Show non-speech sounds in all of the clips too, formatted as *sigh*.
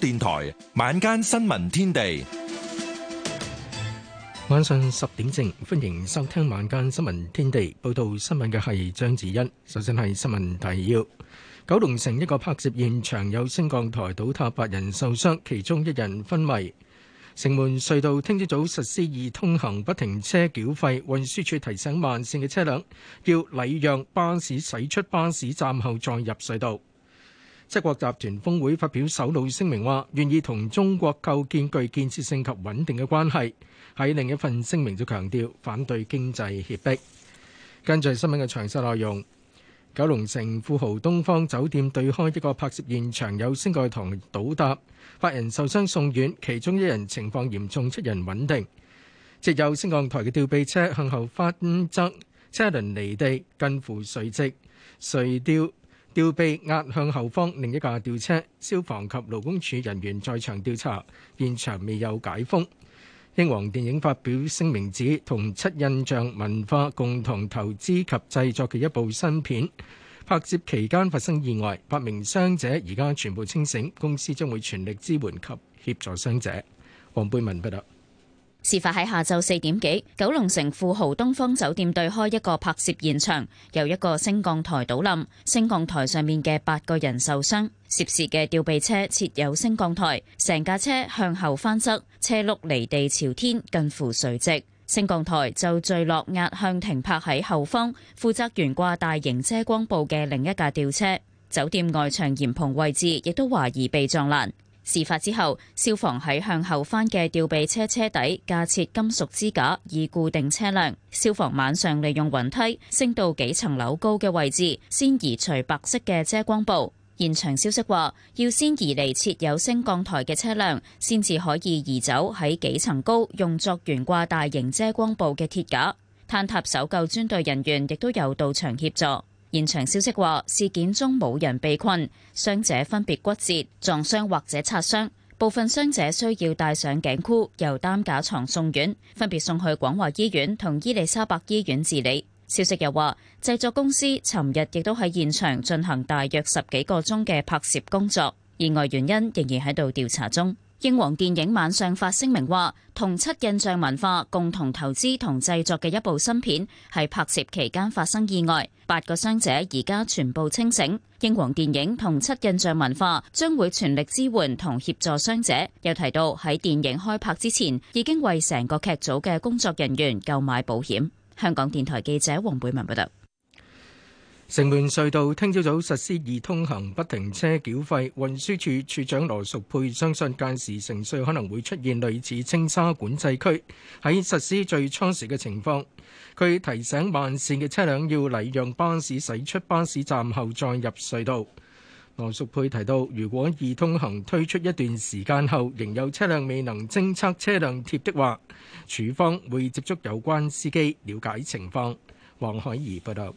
電台晚間新聞天地，晚上十點正，歡迎收聽晚間新聞天地。報道新聞嘅係張子欣。首先係新聞提要：九龍城一個拍攝現場有升降台倒塌，八人受傷，其中一人昏迷。城門隧道聽朝早實施易通行不停車繳費，運輸署提醒慢線嘅車輛要禮讓巴士，駛出巴士站後再入隧道。七國集團峰會發表首腦聲明，話願意同中國構建具建設性及穩定嘅關係。喺另一份聲明就強調反對經濟脅迫。根據新聞嘅詳細內容，九龍城富豪東方酒店對開一個拍攝現場有升降台倒塌，八人受傷送院，其中一人情況嚴重，七人穩定。設有升降台嘅吊臂車向後翻側，車輪離地，近乎垂直，垂吊。吊臂壓向後方，另一架吊車，消防及勞工處人員在場調查，現場未有解封。英皇電影發表聲明指，同七印象文化共同投資及製作嘅一部新片，拍攝期間發生意外，八名傷者而家全部清醒，公司將會全力支援及協助傷者。黃貝文報道。事發喺下晝四點幾，九龍城富豪東方酒店對開一個拍攝現場，有一個升降台倒冧，升降台上面嘅八個人受傷。涉事嘅吊臂車設有升降台，成架車向後翻側，車轆離地朝天，近乎垂直，升降台就墜落壓向停泊喺後方負責懸掛大型遮光布嘅另一架吊車。酒店外牆簷篷位置亦都懷疑被撞爛。事發之後，消防喺向後翻嘅吊臂車車底架設金屬支架以固定車輛。消防晚上利用雲梯升到幾層樓高嘅位置，先移除白色嘅遮光布。現場消息話，要先移離設有升降台嘅車輛，先至可以移走喺幾層高用作懸掛大型遮光布嘅鐵架。坍塌搜救專隊人員亦都有到場協助。現場消息話，事件中冇人被困，傷者分別骨折、撞傷或者擦傷，部分傷者需要戴上頸箍由擔架床送院，分別送去廣華醫院同伊利沙伯醫院治理。消息又話，製作公司尋日亦都喺現場進行大約十幾個鐘嘅拍攝工作，意外原因仍然喺度調查中。英皇電影晚上發聲明話，同七印象文化共同投資同製作嘅一部新片，喺拍攝期間發生意外，八個傷者而家全部清醒。英皇電影同七印象文化將會全力支援同協助傷者。又提到喺電影開拍之前，已經為成個劇組嘅工作人員購買保險。香港電台記者黃貝文報道。城門隧道聽朝早實施易通行不停車繳費，運輸署署長羅淑佩相信屆時城隧可能會出現類似青沙管制區喺實施最初時嘅情況。佢提醒慢線嘅車輛要禮讓巴士駛出巴士站後再入隧道。羅淑佩提到，如果易通行推出一段時間後仍有車輛未能偵測車輛貼的話，署方會接觸有關司機了解情況。黃海怡報道。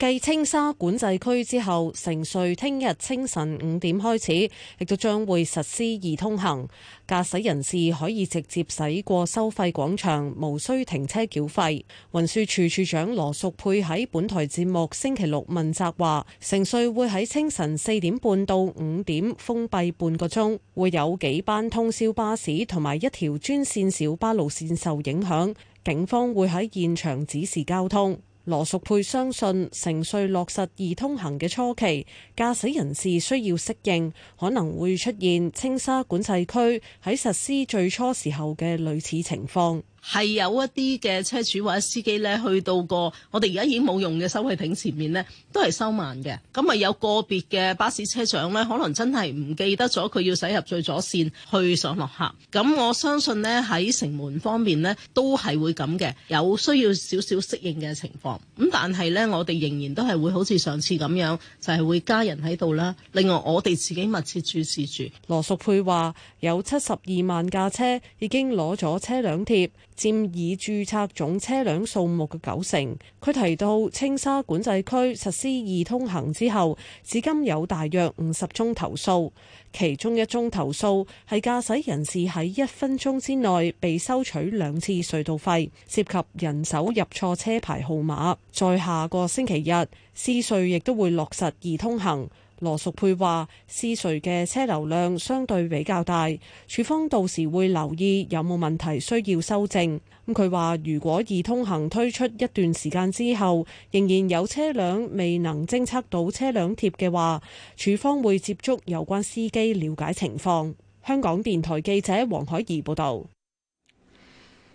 繼青沙管制區之後，城隧聽日清晨五點開始，亦都將會實施易通行，駕駛人士可以直接駛過收費廣場，無需停車繳費。運輸署署長羅淑佩喺本台節目星期六問責話，城隧會喺清晨四點半到五點封閉半個鐘，會有幾班通宵巴士同埋一條專線小巴路線受影響，警方會喺現場指示交通。羅淑佩相信，程序落實易通行嘅初期，駕駛人士需要適應，可能會出現青沙管制區喺實施最初時候嘅類似情況。係有一啲嘅車主或者司機呢，去到過我哋而家已經冇用嘅收費亭前面呢，都係收慢嘅。咁啊，有個別嘅巴士車長呢，可能真係唔記得咗佢要駛入最左線去上落客。咁我相信呢，喺城門方面呢，都係會咁嘅，有需要少少適應嘅情況。咁但係呢，我哋仍然都係會好似上次咁樣，就係會加人喺度啦。另外，我哋自己密切注視住。羅淑佩話：有七十二萬架車已經攞咗車輛貼。佔已註冊總車輛數目嘅九成。佢提到青沙管制區實施易通行之後，至今有大約五十宗投訴，其中一宗投訴係駕駛人士喺一分鐘之內被收取兩次隧道費，涉及人手入錯車牌號碼。在下個星期日，獅隧亦都會落實易通行。羅淑佩話，獅隧嘅車流量相對比較大，署方到時會留意有冇問題需要修正。咁佢話，如果易通行推出一段時間之後，仍然有車輛未能偵測到車輛貼嘅話，署方會接觸有關司機了解情況。香港電台記者黃海怡報道。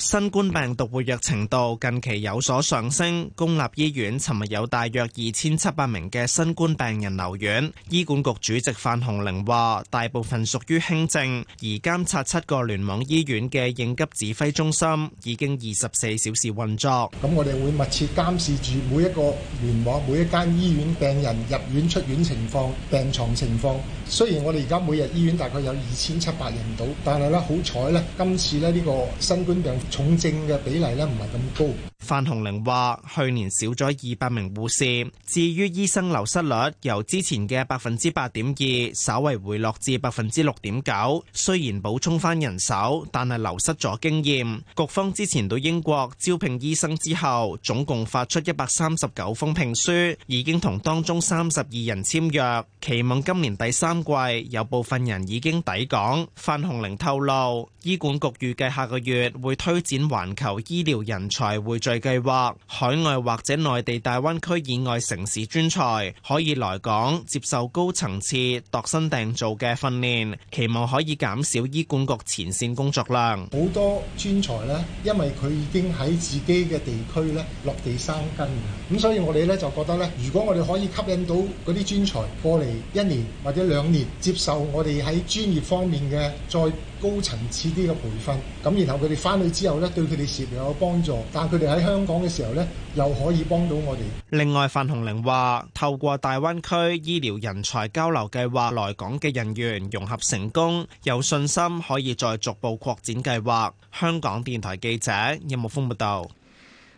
新冠病毒活躍程度近期有所上升，公立醫院尋日有大約二千七百名嘅新冠病人留院。醫管局主席范鴻齡話，大部分屬於輕症，而監察七個聯網醫院嘅應急指揮中心已經二十四小時運作。咁我哋會密切監視住每一個聯網、每一間醫院病人入院出院情況、病床情況。雖然我哋而家每日醫院大概有二千七百人到，但係咧好彩咧，今次咧呢，呢個新冠病重症嘅比例咧，唔係咁高。范洪玲話：去年少咗二百名護士，至於醫生流失率，由之前嘅百分之八點二，稍為回落至百分之六點九。雖然補充翻人手，但係流失咗經驗。局方之前到英國招聘醫生之後，總共發出一百三十九封聘書，已經同當中三十二人簽約。期望今年第三季有部分人已經抵港。范洪玲透露，醫管局預計下個月會推展環球醫療人才匯聚。計劃，海外或者內地大灣區以外城市專才可以來港接受高層次度身訂造嘅訓練，期望可以減少醫管局前線工作量。好多專才呢，因為佢已經喺自己嘅地區呢落地生根，咁所以我哋呢，就覺得呢，如果我哋可以吸引到嗰啲專才過嚟一年或者兩年，接受我哋喺專業方面嘅再。高層次啲嘅培訓，咁然後佢哋翻去之後，咧，對佢哋事業有幫助，但係佢哋喺香港嘅時候咧，又可以幫到我哋。另外，范宏玲話透過大灣區醫療人才交流計劃來港嘅人員融合成功，有信心可以再逐步擴展計劃。香港電台記者任木峰報道。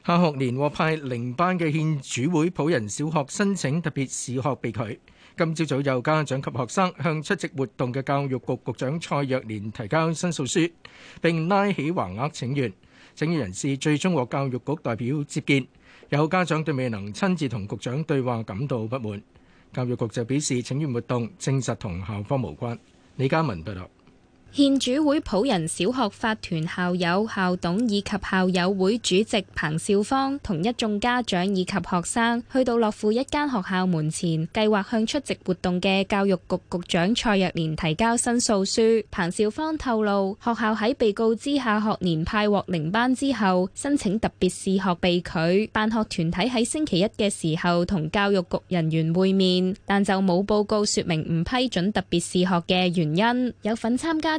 下學年獲派零班嘅獻主會普仁小學申請特別小學被拒。今朝早有家長及學生向出席活動嘅教育局局長蔡若蓮提交申訴書，並拉起橫額請願。請願人士最終獲教育局代表接見，有家長對未能親自同局長對話感到不滿。教育局就表示請願活動證實同校方無關。李嘉文報道。獻主會普仁小學法團校友、校董以及校友會主席彭少芳同一眾家長以及學生去到樂富一間學校門前，計劃向出席活動嘅教育局局長蔡若蓮提交申訴書。彭少芳透露，學校喺被告知下學年派獲零班之後，申請特別視學被拒。辦學團體喺星期一嘅時候同教育局人員會面，但就冇報告說明唔批准特別視學嘅原因。有份參加。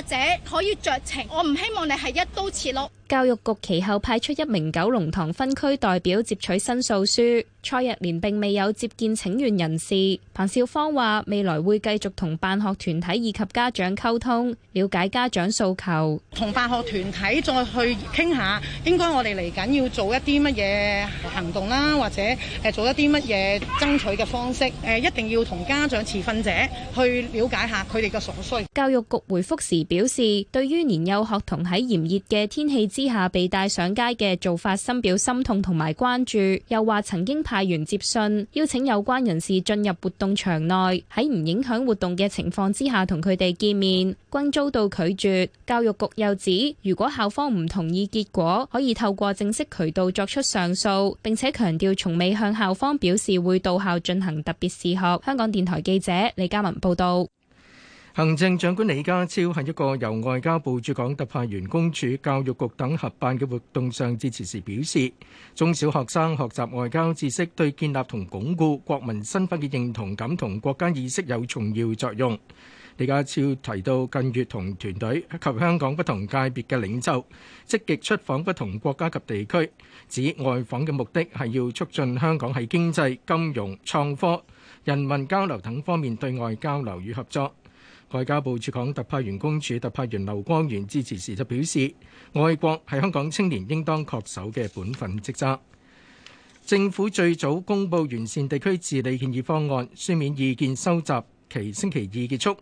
者可以酌情，我唔希望你係一刀切咯。教育局其後派出一名九龍塘分區代表接取申訴書，蔡日蓮並未有接見請願人士。彭少芳話：未來會繼續同辦學團體以及家長溝通，了解家長訴求。同辦學團體再去傾下，應該我哋嚟緊要做一啲乜嘢行動啦，或者誒做一啲乜嘢爭取嘅方式。誒，一定要同家長、持份者去了解下佢哋嘅所需。教育局回覆時。表示對於年幼學童，喺炎熱嘅天氣之下被帶上街嘅做法深表心痛同埋關注，又話曾經派員接信，邀請有關人士進入活動場內，喺唔影響活動嘅情況之下同佢哋見面，均遭到拒絕。教育局又指，如果校方唔同意結果，可以透過正式渠道作出上訴，並且強調從未向校方表示會到校進行特別視學。香港電台記者李嘉文報道。行政長官李家超喺一個由外交部駐港特派員公署、教育局等合辦嘅活動上致辭時表示，中小學生學習外交知識，對建立同鞏固國民身份嘅認同感同國家意識有重要作用。李家超提到，近月同團隊及香港不同界別嘅領袖積極出訪不同國家及地區，指外訪嘅目的係要促進香港喺經濟、金融、創科、人民交流等方面對外交流與合作。外交部駐港特派員公、公署特派員劉光源致辭時就表示，愛國係香港青年應當恪守嘅本分職責。政府最早公布完善地區治理建議方案，書面意見收集期星期二結束。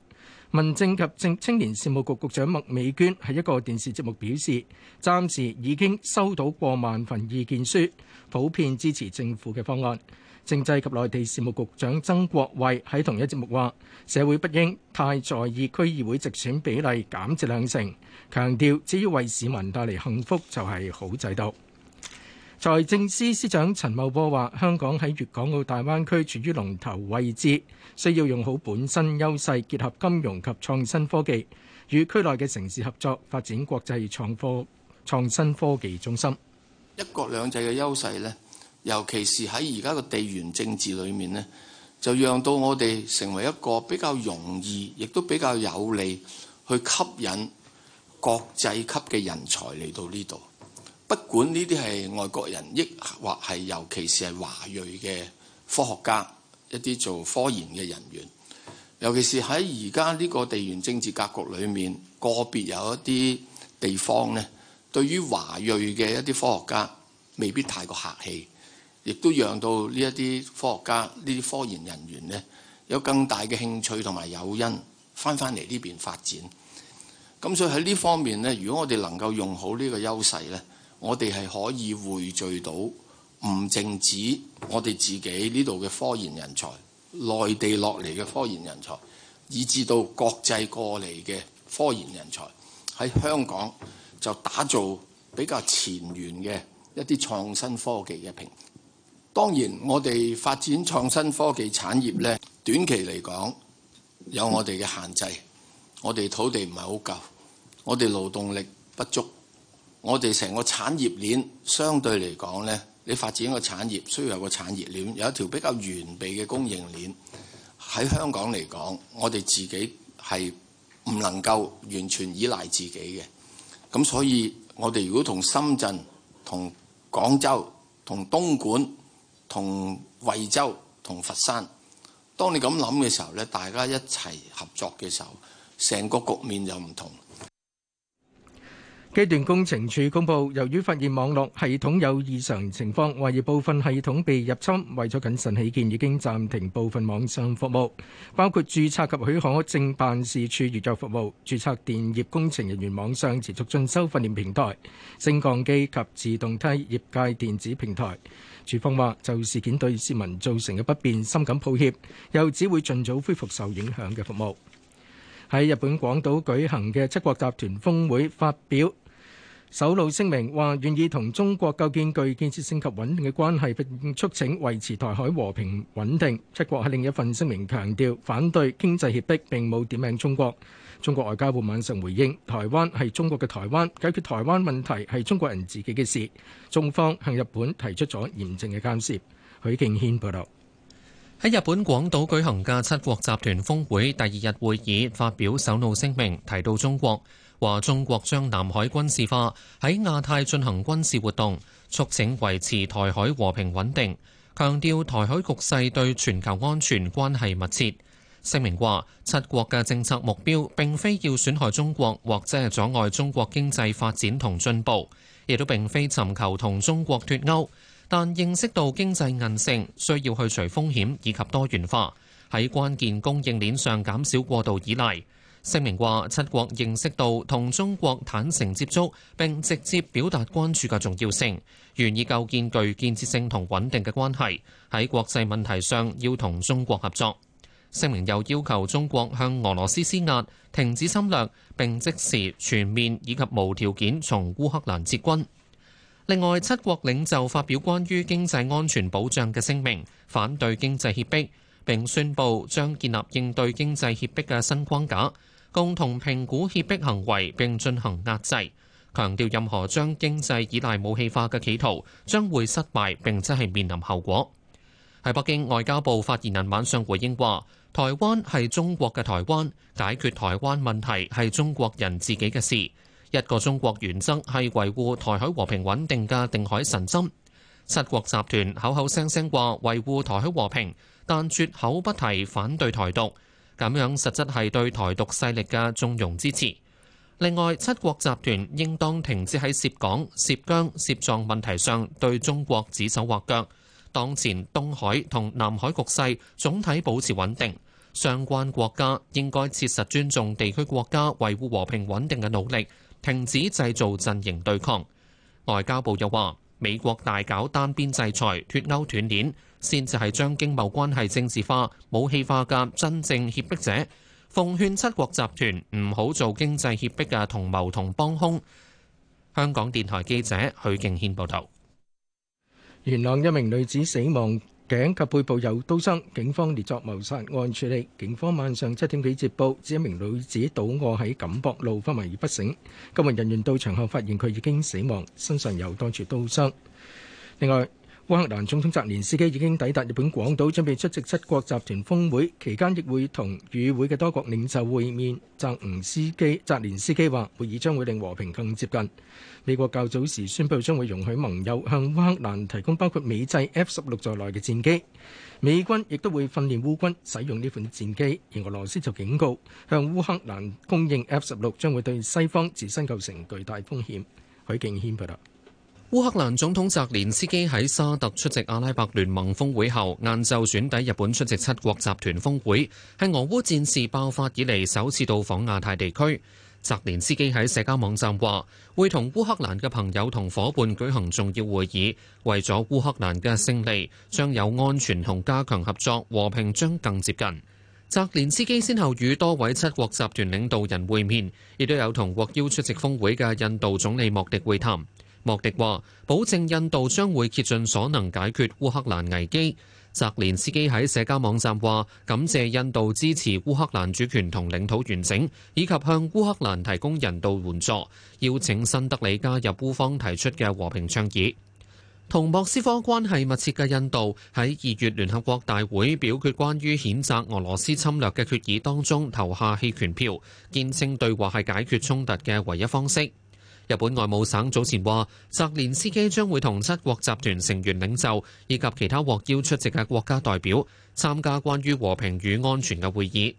民政及青年事務局局長麥美娟喺一個電視節目表示，暫時已經收到過萬份意見書，普遍支持政府嘅方案。政制及內地事務局長曾國衛喺同一節目話，社會不應太在意區議會直選比例減至兩成，強調只要為市民帶嚟幸福就係好制度。財政司司長陳茂波話：香港喺粵港澳大灣區處於龍頭位置，需要用好本身優勢，結合金融及創新科技，與區內嘅城市合作，發展國際創科創新科技中心。一國兩制嘅優勢咧，尤其是喺而家嘅地緣政治裏面咧，就讓到我哋成為一個比較容易，亦都比較有利去吸引國際級嘅人才嚟到呢度。不管呢啲係外國人，抑或係尤其是係華裔嘅科學家，一啲做科研嘅人員，尤其是喺而家呢個地緣政治格局裏面，個別有一啲地方咧，對於華裔嘅一啲科學家未必太過客氣，亦都讓到呢一啲科學家、呢啲科，科研人員咧，有更大嘅興趣同埋誘因翻翻嚟，呢邊發展。咁所以喺呢方面咧，如果我哋能夠用好呢個優勢咧，我哋係可以匯聚到唔淨止我哋自己呢度嘅科研人才，內地落嚟嘅科研人才，以至到國際過嚟嘅科研人才，喺香港就打造比較前沿嘅一啲創新科技嘅平台。當然，我哋發展創新科技產業呢，短期嚟講有我哋嘅限制，我哋土地唔係好夠，我哋勞動力不足。我哋成個產業鏈相對嚟講咧，你發展一個產業，需要有個產業鏈，有一條比較完備嘅供應鏈。喺香港嚟講，我哋自己係唔能夠完全依賴自己嘅。咁所以，我哋如果同深圳、同廣州、同東莞、同惠州、同佛山，當你咁諗嘅時候咧，大家一齊合作嘅時候，成個局面就唔同。機電工程署公布，由於發現網絡系統有異常情況，懷疑部分系統被入侵，為咗謹慎起見，已經暫停部分網上服務，包括注冊及許可證辦事處預約服務、注冊電業工程人員網上持續進修訓練平台、升降機及自動梯業界電子平台。署方話，就事件對市民造成嘅不便，深感抱歉，又只會盡早恢復受影響嘅服務。喺日本廣島舉行嘅七國集團峯會發表首腦聲明，話願意同中國構建具建設性及穩定嘅關係，並促請維持台海和平穩定。七國喺另一份聲明強調反對經濟脅迫，並冇點名中國。中國外交部晚上回應：台灣係中國嘅台灣，解決台灣問題係中國人自己嘅事。中方向日本提出咗嚴正嘅交涉。許敬軒報道。喺日本廣島舉行嘅七國集團峰會第二日會議發表首腦聲明，提到中國話中國將南海軍事化，喺亞太進行軍事活動，促請維持台海和平穩定，強調台海局勢對全球安全關係密切。聲明話七國嘅政策目標並非要損害中國，或者係阻礙中國經濟發展同進步，亦都並非尋求同中國脫鉤。但認識到經濟韌性需要去除風險以及多元化，喺關鍵供應鏈上減少過度依賴。聲明話，七國認識到同中國坦誠接觸並直接表達關注嘅重要性，願意構建具建設性同穩定嘅關係，喺國際問題上要同中國合作。聲明又要求中國向俄羅斯施壓，停止侵略並即時全面以及無條件從烏克蘭撤軍。另外，七國領袖發表關於經濟安全保障嘅聲明，反對經濟脅迫，並宣布將建立應對經濟脅迫嘅新框架，共同評估脅迫行為並進行壓制，強調任何將經濟依賴武器化嘅企圖將會失敗並且係面臨後果。喺北京外交部發言人晚上回應話，台灣係中國嘅台灣，解決台灣問題係中國人自己嘅事。一個中國原則係維護台海和平穩定嘅定海神針。七國集團口口聲聲話維護台海和平，但絕口不提反對台獨，咁樣實質係對台獨勢力嘅縱容支持。另外，七國集團應當停止喺涉港、涉疆、涉藏問題上對中國指手畫腳。當前東海同南海局勢總體保持穩定，相關國家應該切實尊重地區國家維護和平穩定嘅努力。停止製造陣營對抗。外交部又話：美國大搞單邊制裁、脫鈎斷鏈，先至係將經貿關係政治化、武器化嘅真正脅迫者。奉勸七國集團唔好做經濟脅迫嘅同謀同幫兇。香港電台記者許敬軒報道。元朗一名女子死亡。頸及背部有刀傷，警方列作謀殺案處理。警方晚上七點幾接報，指一名女子倒卧喺錦博路昏迷而不醒，救援人員到場後發現佢已經死亡，身上有多處刀傷。另外，烏克蘭總統澤連斯基已經抵達日本廣島，準備出席七國集團峰會，期間亦會同與會嘅多國領袖會面。澤連斯基澤連斯基話：會議將會令和平更接近。美國較早時宣布將會容許盟友向烏克蘭提供包括美製 F 十六在內嘅戰機，美軍亦都會訓練烏軍使用呢款戰機。而俄羅斯就警告向烏克蘭供應 F 十六將會對西方自身構成巨大風險。許敬軒報道。烏克蘭總統澤連斯基喺沙特出席阿拉伯聯盟峰會後，晏晝轉抵日本出席七國集團峰會，係俄烏戰事爆發以嚟首次到訪亞太地區。澤連斯基喺社交網站話，會同烏克蘭嘅朋友同伙伴舉行重要會議，為咗烏克蘭嘅勝利，將有安全同加強合作，和平將更接近。澤連斯基先後與多位七國集團領導人會面，亦都有同獲邀出席峰會嘅印度總理莫迪會談。莫迪話：保證印度將會竭盡所能解決烏克蘭危機。澤連斯基喺社交網站話：感謝印度支持烏克蘭主權同領土完整，以及向烏克蘭提供人道援助，邀請新德里加入烏方提出嘅和平倡議。同莫斯科關係密切嘅印度喺二月聯合國大會表決關於譴責俄羅斯侵略嘅決議當中投下棄權票，堅稱對話係解決衝突嘅唯一方式。日本外務省早前話，澤連斯基將會同七國集團成員領袖以及其他獲邀出席嘅國家代表參加關於和平與安全嘅會議。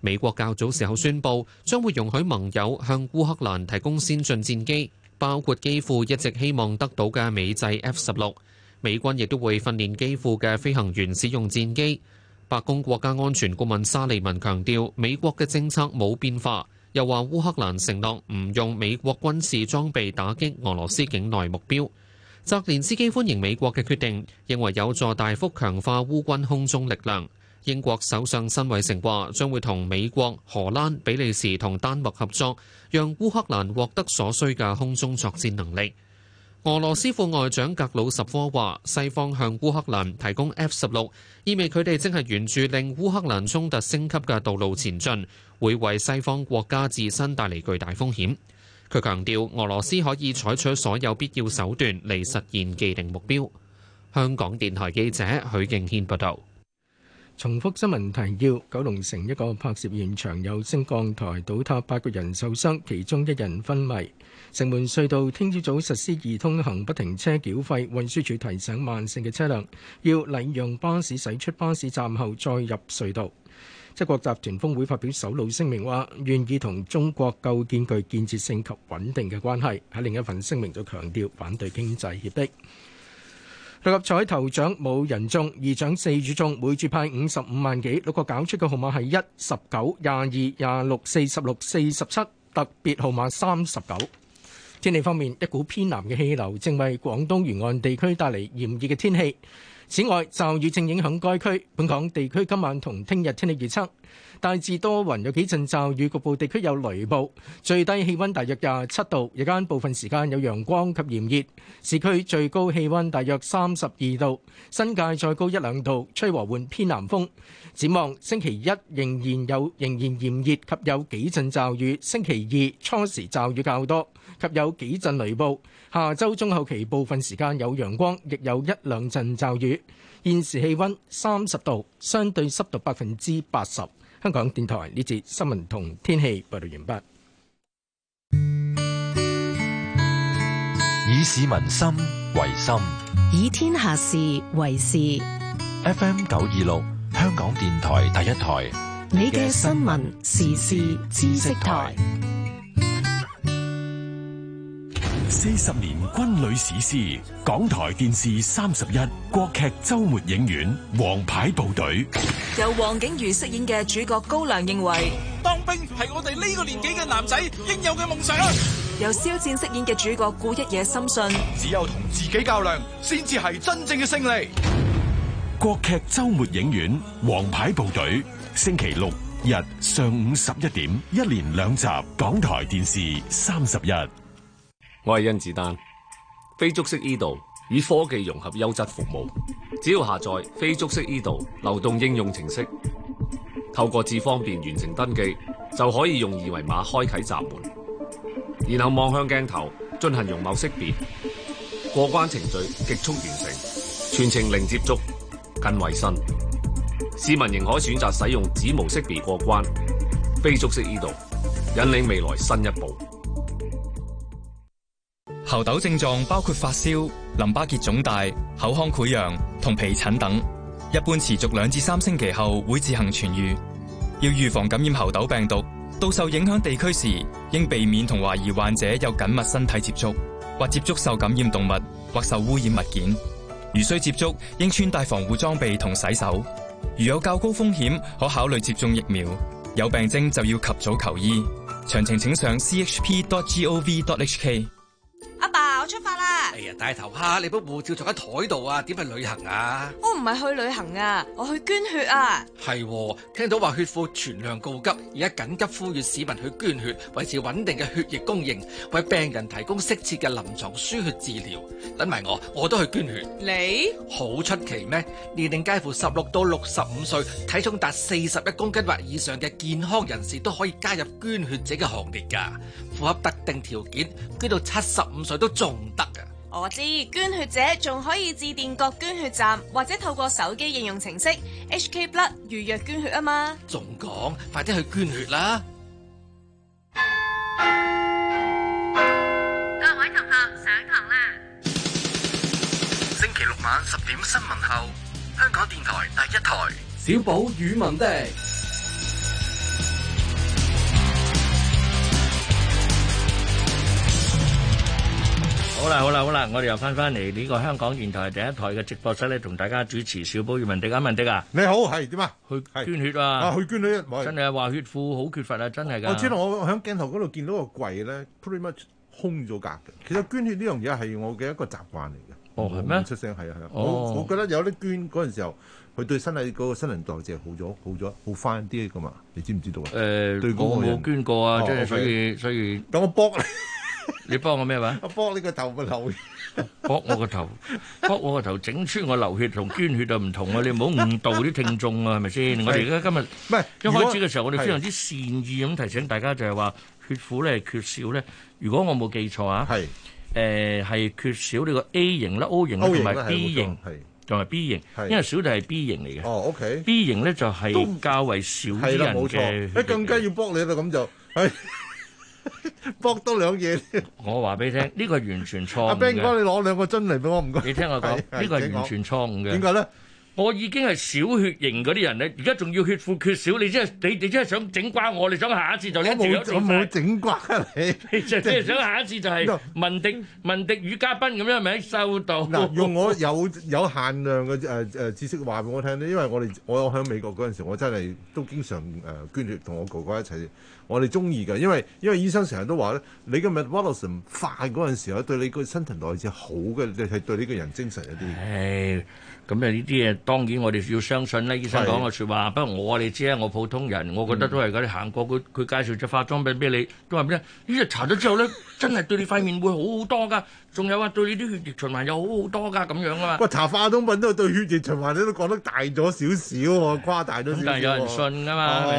美國較早時候宣布，將會容許盟友向烏克蘭提供先進戰機，包括基輔一直希望得到嘅美製 F 十六。美軍亦都會訓練基輔嘅飛行員使用戰機。白宮國家安全顧問沙利文強調，美國嘅政策冇變化。又話烏克蘭承諾唔用美國軍事裝備打擊俄羅斯境內目標。澤連斯基歡迎美國嘅決定，認為有助大幅強化烏軍空中力量。英國首相辛偉誠話將會同美國、荷蘭、比利時同丹麥合作，讓烏克蘭獲得所需嘅空中作戰能力。俄羅斯副外長格魯什科話：西方向烏克蘭提供 F 十六，意味佢哋正係沿住令烏克蘭衝突升級嘅道路前進，會為西方國家自身帶嚟巨大風險。佢強調，俄羅斯可以採取所有必要手段嚟實現既定目標。香港電台記者許敬軒報道。重複新聞提要：九龍城一個拍攝現場有升降台倒塌，八個人受傷，其中一人昏迷。城門隧道聽朝早實施易通行不停車繳費，運輸署提醒慢性嘅車輛要禮讓巴士，駛出巴士站後再入隧道。七國集團峰會發表首腦聲明，話願意同中國構建具建設性及穩定嘅關係。喺另一份聲明就強調反對經濟脅迫。六合彩頭獎冇人中，二獎四注中，每注派五十五萬幾。六個攪出嘅號碼係一、十九、廿二、廿六、四十六、四十七，特別號碼三十九。天氣方面，一股偏南嘅氣流正為廣東沿岸地區帶嚟炎熱嘅天氣。此外，驟雨正影響該區。本港地區今晚同聽日天氣預測，大致多雲有幾陣驟雨，局部地區有雷暴。最低氣温大約廿七度，日間部分時間有陽光及炎熱。市區最高氣温大約三十二度，新界再高一兩度，吹和緩偏南風，展望星期一仍然有仍然炎熱及有幾陣驟雨，星期二初時驟雨較多。及有幾陣雷暴，下周中後期部分時間有陽光，亦有一兩陣驟雨。現時氣温三十度，相對濕度百分之八十。香港電台呢節新聞同天氣報道完畢。以市民心為心，以天下事為事。FM 九二六，香港電台第一台，你嘅新聞時事知識台。四十年軍旅史詩，港台電視三十一國劇周末影院王牌部隊，由黃景瑜飾演嘅主角高粱認為，當兵係我哋呢個年紀嘅男仔應有嘅夢想。由肖戰飾演嘅主角顧一野深信，只有同自己較量，先至係真正嘅勝利。國劇周末影院王牌部隊，星期六日上午十一點，一連兩集，港台電視三十一。我係甄子丹，非足式依度以科技融合優質服務，只要下載非足式依度流動應用程式，透過智方便完成登記，就可以用二維碼開啟閘門，然後望向鏡頭進行容貌識別，過關程序極速完成，全程零接觸、更衛生。市民仍可選擇使用指模識別過關，非足式依度引領未來新一步。喉猴痘症狀包括發燒、淋巴結腫大、口腔潰瘍同皮疹等，一般持續兩至三星期後會自行痊愈。要預防感染喉猴痘病毒，到受影響地區時，應避免同懷疑患者有緊密身體接觸，或接觸受感染動物，或受污染物件。如需接觸，應穿戴防護裝備同洗手。如有較高風險，可考慮接種疫苗。有病徵就要及早求醫。詳情請上 chp.gov.hk。係、哎、呀，大頭蝦，你把護照坐喺台度啊，點去旅行啊？我唔係去旅行啊，我去捐血啊。係，聽到話血庫存量告急，而家緊急呼籲市民去捐血，維持穩定嘅血液供應，為病人提供適切嘅臨床輸血治療。等埋我，我都去捐血。你好出奇咩？年齡介乎十六到六十五歲，體重達四十一公斤或以上嘅健康人士，都可以加入捐血者嘅行列噶。符合特定條件，捐到七十五歲都仲得㗎！我知捐血者仲可以致電各捐血站，或者透過手機應用程式 HK Blood 預約捐血啊嘛，仲講，快啲去捐血啦！各位同學上堂啦！星期六晚十點新聞後，香港電台第一台小寶語文的。好啦好啦好啦，我哋又翻翻嚟呢個香港電台第一台嘅直播室咧，同大家主持小寶與文迪，文迪啊！你好係點啊？去捐血啊？啊去捐咗一回，真係話血庫好缺乏啊！真係噶。我知道我我響鏡頭嗰度見到個櫃咧，pretty much 空咗格嘅。其實捐血呢樣嘢係我嘅一個習慣嚟嘅。哦係咩？出聲係啊係啊，我我覺得有啲捐嗰陣時候，佢對身體嗰個新陳代謝好咗好咗好翻啲噶嘛？你知唔知道啊？誒，對，我冇捐過啊，即係所以所以。等我搏你。你幫我咩嘛？我幫你個頭咪流血，幫我個頭，幫我個頭整出我流血同捐血就唔同啊！你唔好誤導啲聽眾啊，係咪先？我哋而家今日唔係一開始嘅時候，我哋非常之善意咁提醒大家，就係話血庫咧係缺少咧。如果我冇記錯啊，係誒係缺少呢個 A 型啦、O 型同埋 B 型，同埋 B 型，因為小弟係 B 型嚟嘅。哦，O K。B 型咧就係較為少啲人嘅，你更加要幫你啦，咁就係。搏 *laughs* 多兩嘢，我話俾你聽，呢個係完全錯誤。阿 *laughs* Ben 哥，你攞兩個樽嚟俾我，唔該。你聽我講，呢個係完全錯誤嘅，點解咧？我已經係小血型嗰啲人咧，而家仲要血庫缺少，你真、就、係、是、你你真係想整瓜我？你想下一次就咧？我冇是我冇整瓜你，你即、就、係、是、想下一次就係文迪 No, 文迪與嘉賓咁樣係咪喺收到？嗱，用我有有限量嘅誒誒知識話俾我聽，因為我哋我我喺美國嗰陣時，我真係都經常誒捐血，同我哥哥一齊，我哋中意嘅，因為因為醫生成日都話咧，你嘅日 w i 快嗰陣時候，我對你個新陳代謝好嘅，係對你個人精神一啲。係。咁啊！呢啲嘢當然我哋要相信啦。醫生講嘅説話，是不過我哋知啊，我普通人，我覺得都係嗰啲行過佢，佢介紹隻化妝品俾你，都話咩？呢隻搽咗之後咧， *laughs* 真係對你塊面會好好多噶，仲有啊，對你啲血液循環又好好多噶咁樣啊嘛。喂，搽化妝品都對血液循環，你都講得大咗少少喎，誇大咗少少、啊、但係有人信㗎嘛？啊